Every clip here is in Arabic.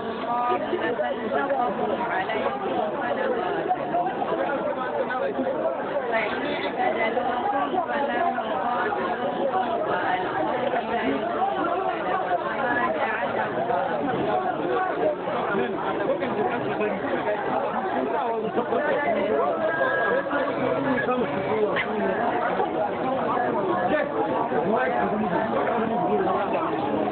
الله فسلطهم عليكم فنقاتلوهم فإن اعتزلوكم فلم يقاتلوكم وألقوا إليكم وما جعل الله Thank you.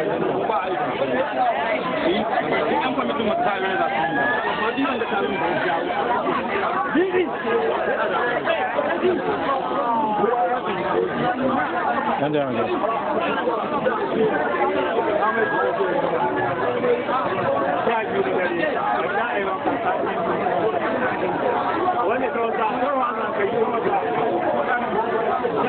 Yan devam edelim. Wani ana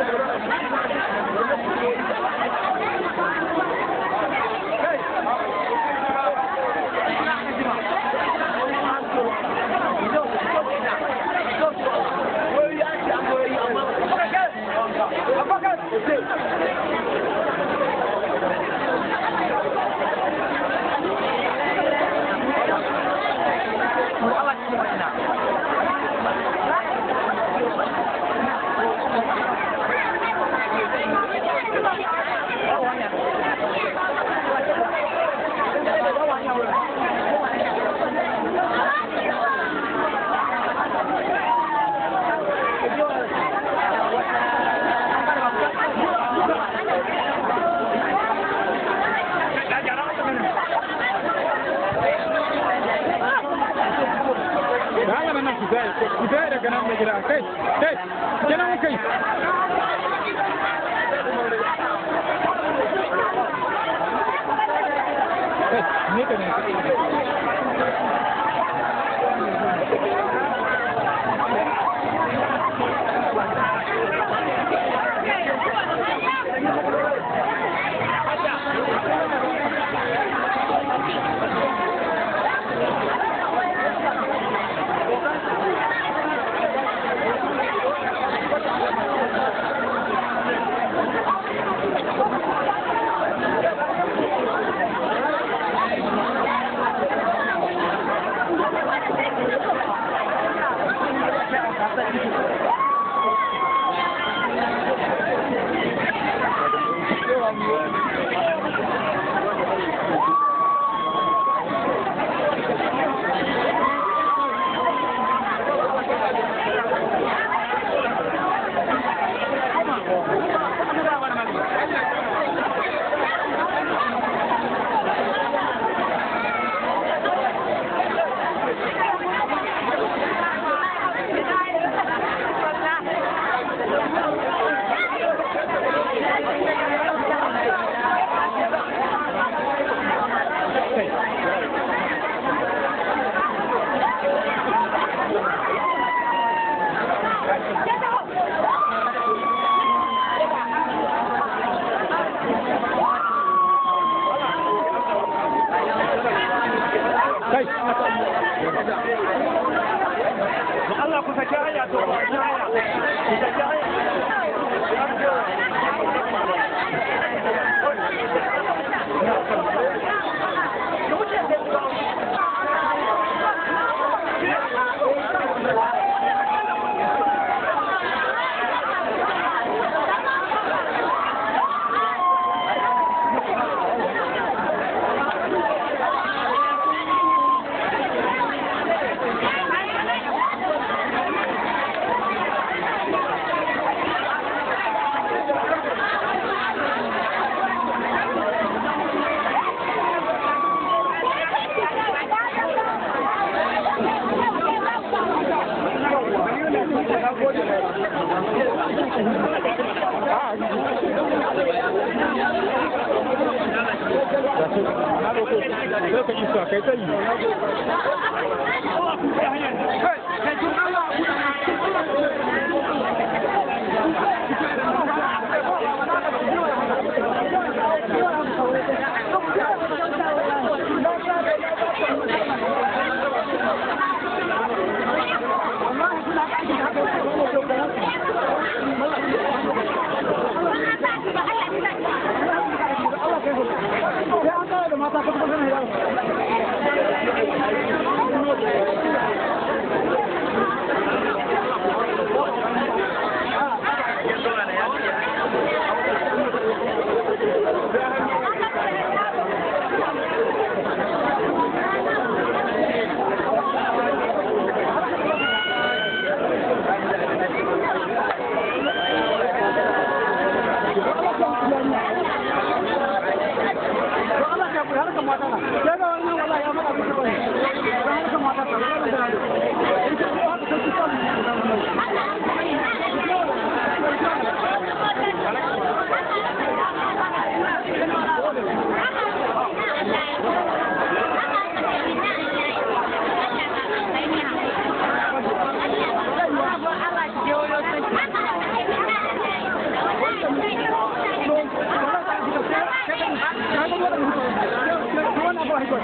Thank you. Cenab-ı Cenab-ı Cenab-ı Cenab-ı Cenab-ı Cenab-ı Cenab-ı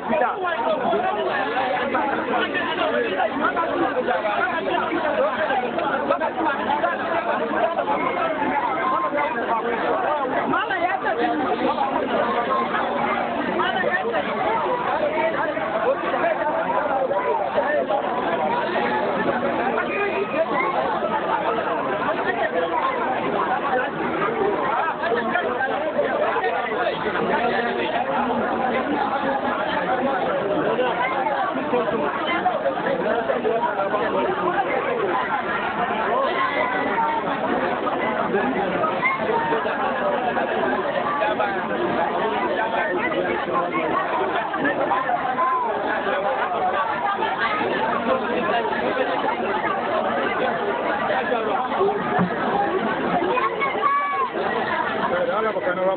mafita Mama ya tafi. Ahora porque no va a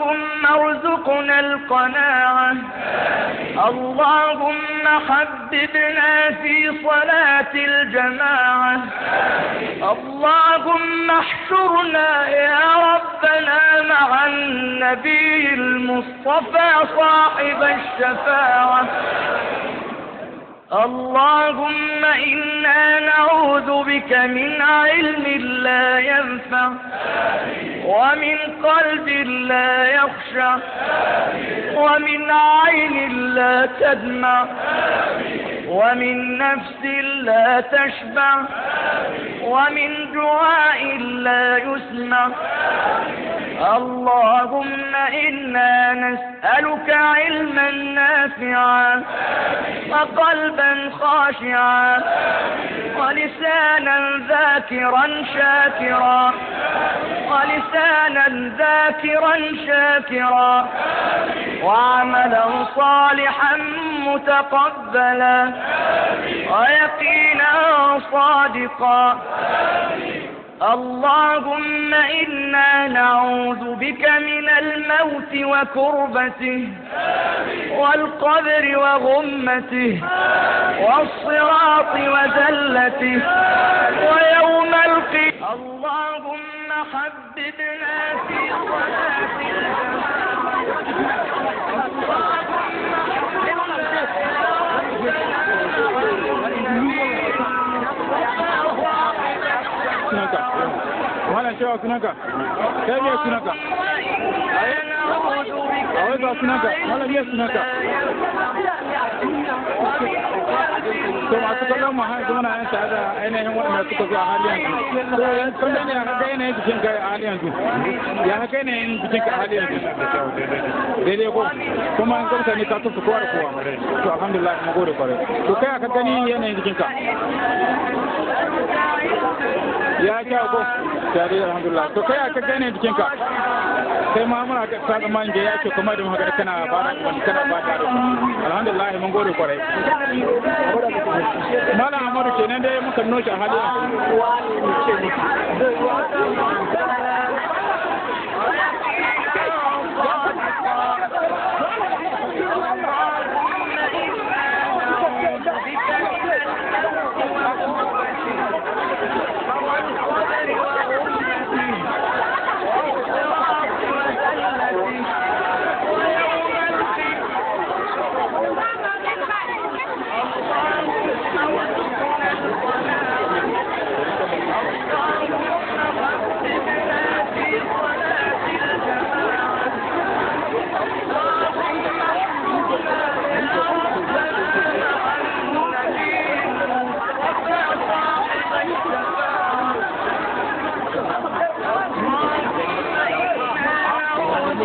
اللهم ارزقنا القناعة اللهم حببنا في صلاة الجماعة اللهم احشرنا يا ربنا مع النبي المصطفى صاحب الشفاعة اللهم إنا نعوذ بك من علم لا ينفع ومن قلب لا يخشع ومن عين لا تدمع ومن نفس لا تشبع ومن دعاء لا يسمع اللهم إنا نسألك علما نافعا وقلبا خاشعا ولسانا ذاكرا شاكرا ولسانا ذاكرا شاكرا وعملا صالحا متقبلا ويقينا صادقا اللهم إنا نعوذ بك من الموت وكربته والقبر وغمته والصراط وزلته ويوم القيامة اللهم حببنا في صلاة الجماعة Awaita akunaka. Kali akunaka. Awaita akunaka. Mala yes akunaka. to masu kallon mu har muna yan tare da ainihin waɗanda suka zo a hali yanzu to yan kallon ne haka yanayin bikin ka a hali yanzu ya haka yanayin bikin ka a hali yanzu daidai ko kuma an gamsa ne ka tufu kowa da kowa to alhamdulillah mu gode kwarai to kai aka gani yanayin bikin ka ya kyau ko tare alhamdulillah to kai aka gani bikin ka sai ma muna ka tsammanin da ya ce kuma da mu haka kana ba da kana ba da alhamdulillah mun gode kwarai Mala Amadu kenan dai muka hali a hali.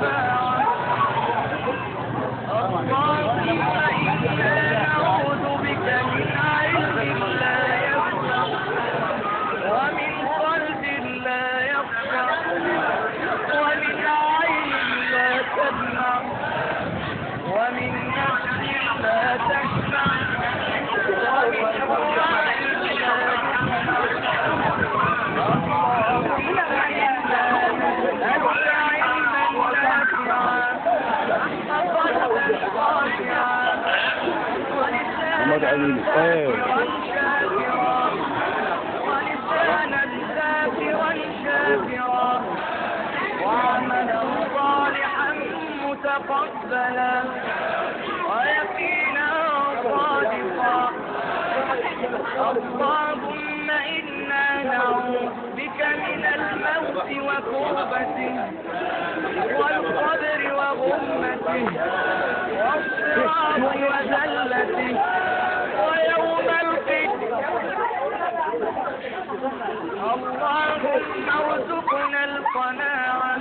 back. العالمين وعملا صالحا متقبلا ويقينا صادقا اللهم انا نعوذ بك من الموت وكربته والقدر وغمته والصراط وذلته اللهم ارزقنا القناعة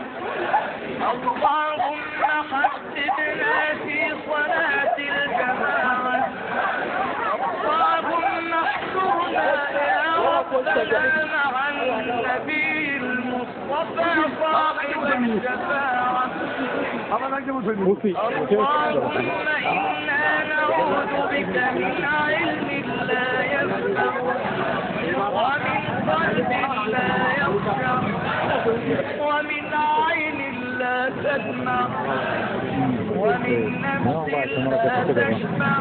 اللهم حببنا في صلاة الجماعة اللهم احشرنا يا ربنا مع النبي المصطفى صاحب الشفاعة اللهم إنا نعوذ بك من علم الله ومن قلب لا ومن عين لا تدمع ومن نفس لا تشبع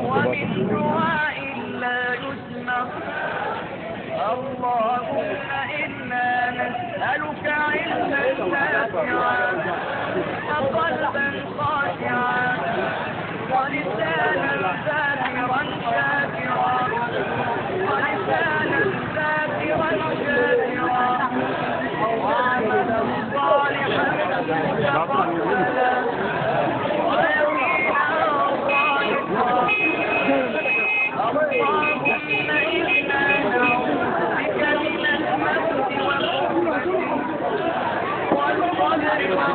ومن دعاء لا يسمع اللهم إنا نسألك علما نافعا وقلبا خاشعا ولسانا ذاكرا شاكرا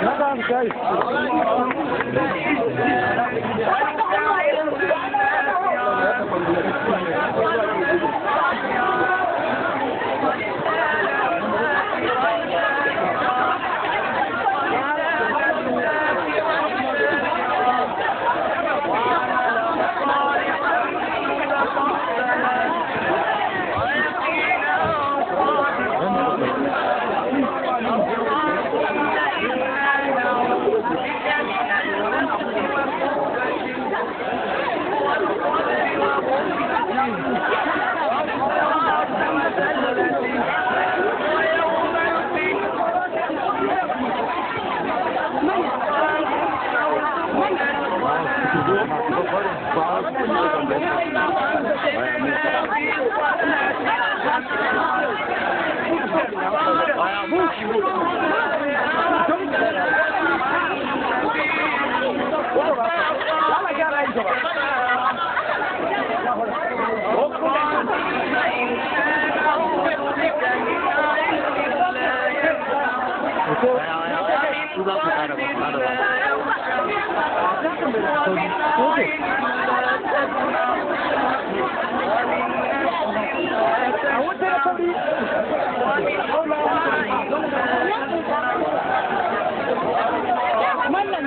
Neden kayıp? Thank you. I went to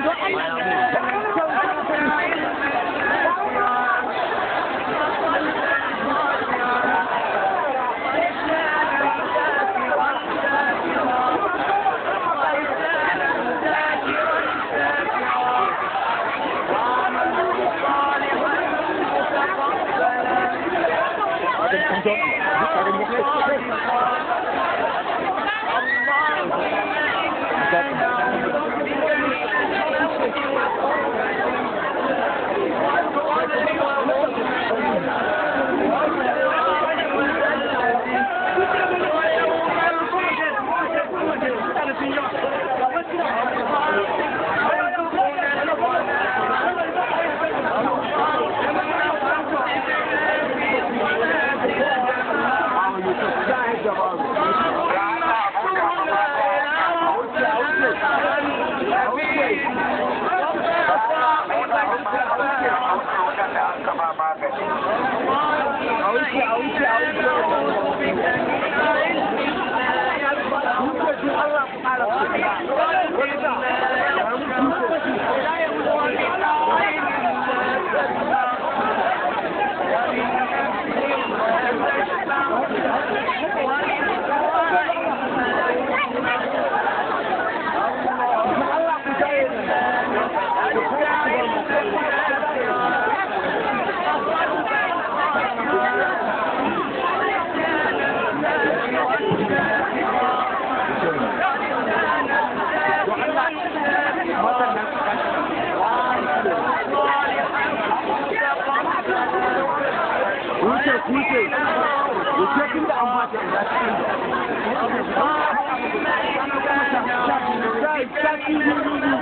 Let's go. kuce kuce kuce tun da an fata ya cikin da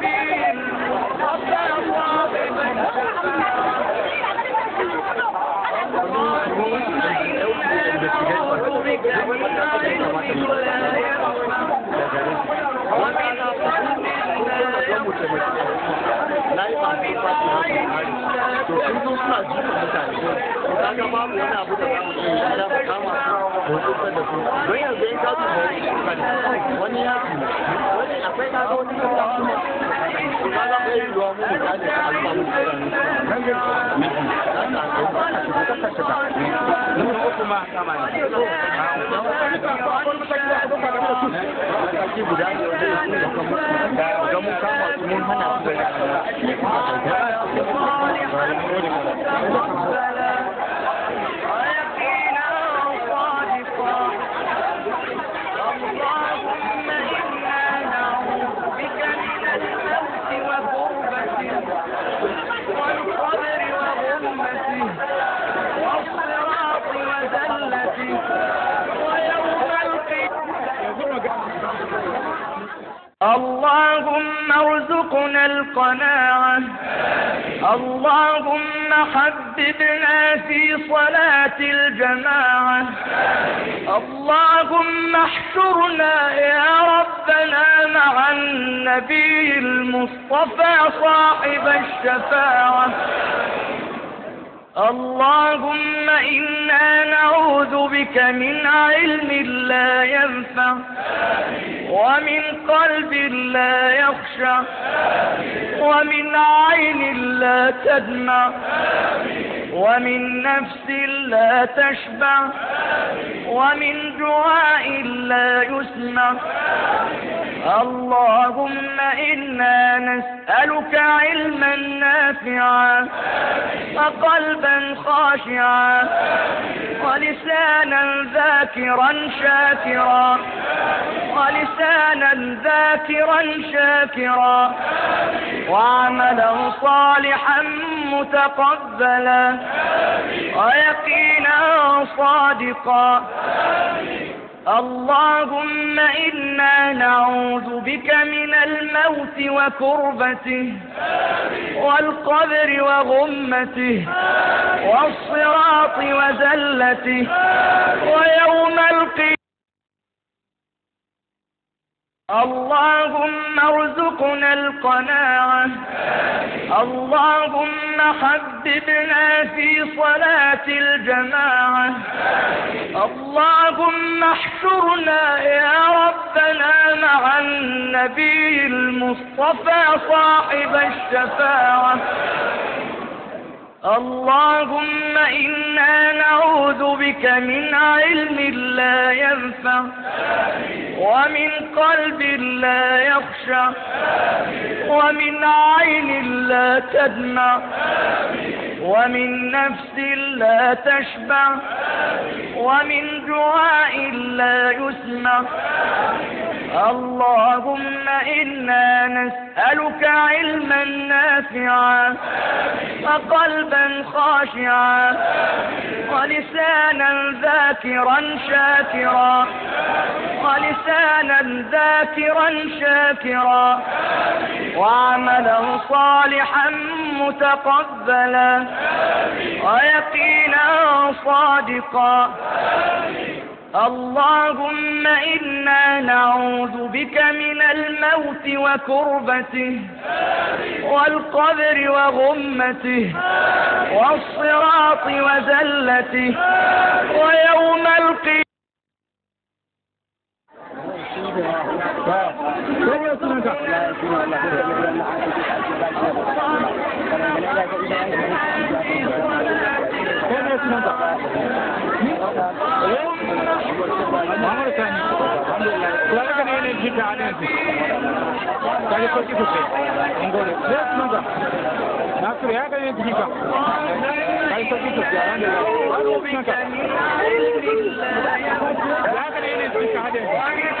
to sun sun suna jikin mutane to kaga babu wani abu da za mu yi da mu kama su don yanzu ya kawo wani ya wani akwai kaga wani kuma ba za mu yi ruwa mu da a alfamu da kuma da kuma اللهم ارزقنا القناعة اللهم حببنا في صلاة الجماعة اللهم احشرنا يا ربنا مع النبي المصطفى صاحب الشفاعة اللهم إنا نعوذ بك من علم لا ينفع ومن قلب لا يخشى ومن عين لا تدمع ومن نفس لا تشبع ومن دعاء لا يسمع اللهم إنا نسألك علما نافعا وقلبا خاشعا ولسانا ذاكرا شاكرا ولسانا ذاكرا شاكرا وعملا صالحا متقبلا ويقينا صادقا اللهم إنا نعوذ بك من الموت وكربته والقبر وغمته والصراط وزلته ويوم القيامة اللهم ارزقنا القناعة اللهم حببنا في صلاة الجماعة اللهم احشرنا يا ربنا مع النبي المصطفى صاحب الشفاعة اللهم إنا نعوذ بك من علم لا ينفع ومن قلب لا يخشى ومن عين لا تدمع ومن نفس لا تشبع ومن دعاء لا يسمع اللهم إنا نسألك علما نافعا وقلبا خاشعا ولسانا ذاكرا شاكرا ولسانا ذاكرا شاكرا وعملا صالحا متقبلا ويقينا صادقا اللهم إنا نعوذ بك من الموت وكربته والقبر وغمته والصراط وزلته ويوم القيامة ಮಾಮೂಲು ಕಾಣಿ ಕುಳಗಡೆ ಏನು ಹೇಳ್ತಿದ್ದೆ ಆಡಿಯನ್ಸ್ ಕೈ ಕೊಟ್ಟಿ ಕೊಟ್ಟೆ ಹಿಂಗೋಡಿ ಪ್ಲೇಸ್ ನಂತ ನಾಲ್ಕು ಯಾಕೆ ಹೇಳ್ತಿದ್ದ ಕೈ ಕೊಟ್ಟಿ ಕೊಟ್ಟೆ ಯಾಕೆ ಏನು ಹೇಳ್ತಿದ್ದ audience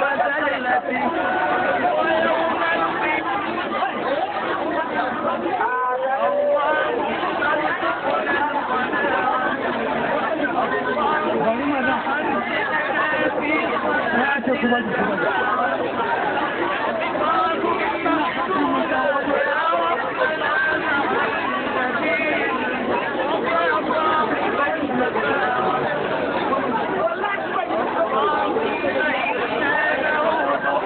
وذلتي لا تقبل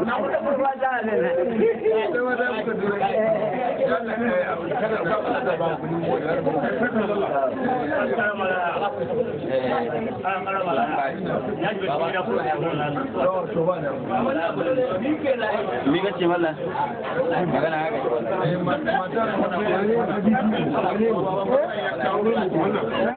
mi kace mallan magana haka eh matar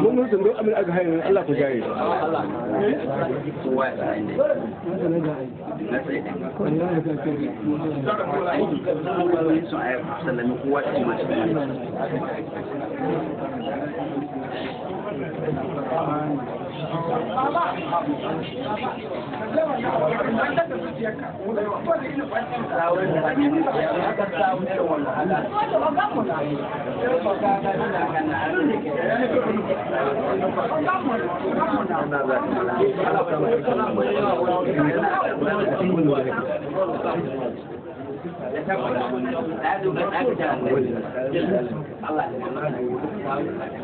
mun mun zumbi amin aka hayo Allah ku jaye Thank you. Allah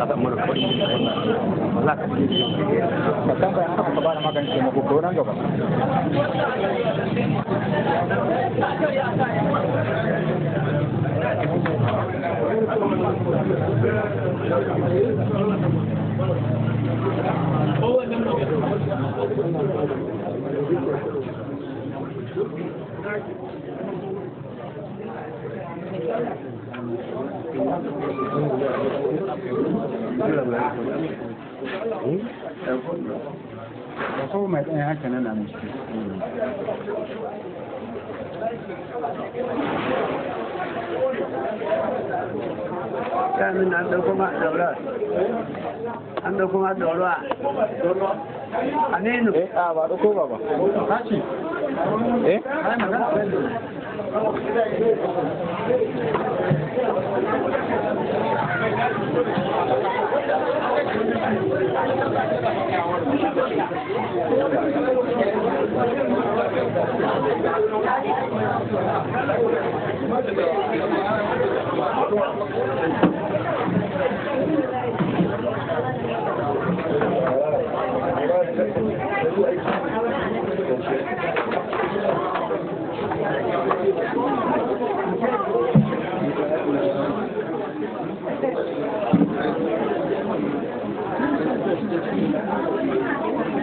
Allah mu da ka Thank you. da mai ɗaya haka nan na musu kamin na ɗauko ma ɗaura an da kuma tsoro a nenu eh a ah, ba ko ba ba kashi eh Thank you.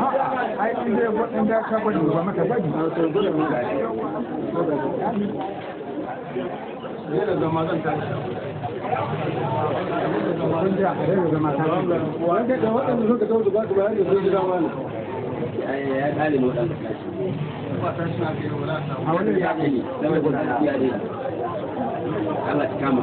ai in dai gudun da ka bari ba maka da zama tashi a Allah ya kama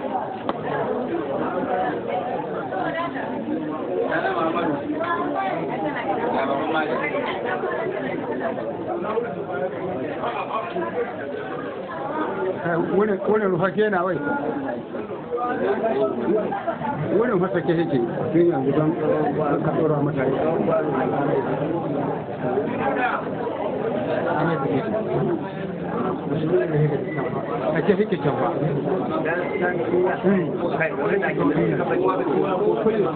wurin fake na wai wurin fasake yake tun yanzu don kasuwar mata حتى فيك الجواب كل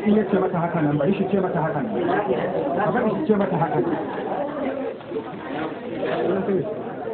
شيء ce mata haka nan ba shi ce mata haka nan ba shi ce mata haka nan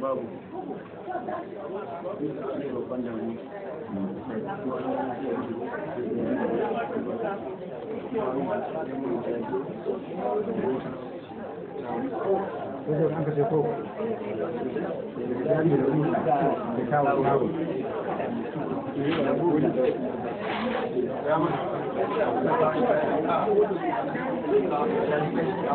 babu Thank you. anche se poco le ali della luna le cava con ago la buia la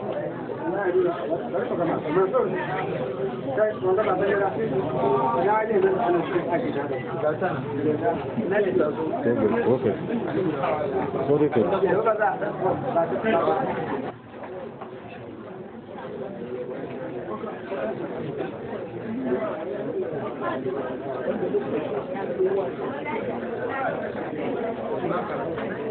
Okay. Sorry, Thank you.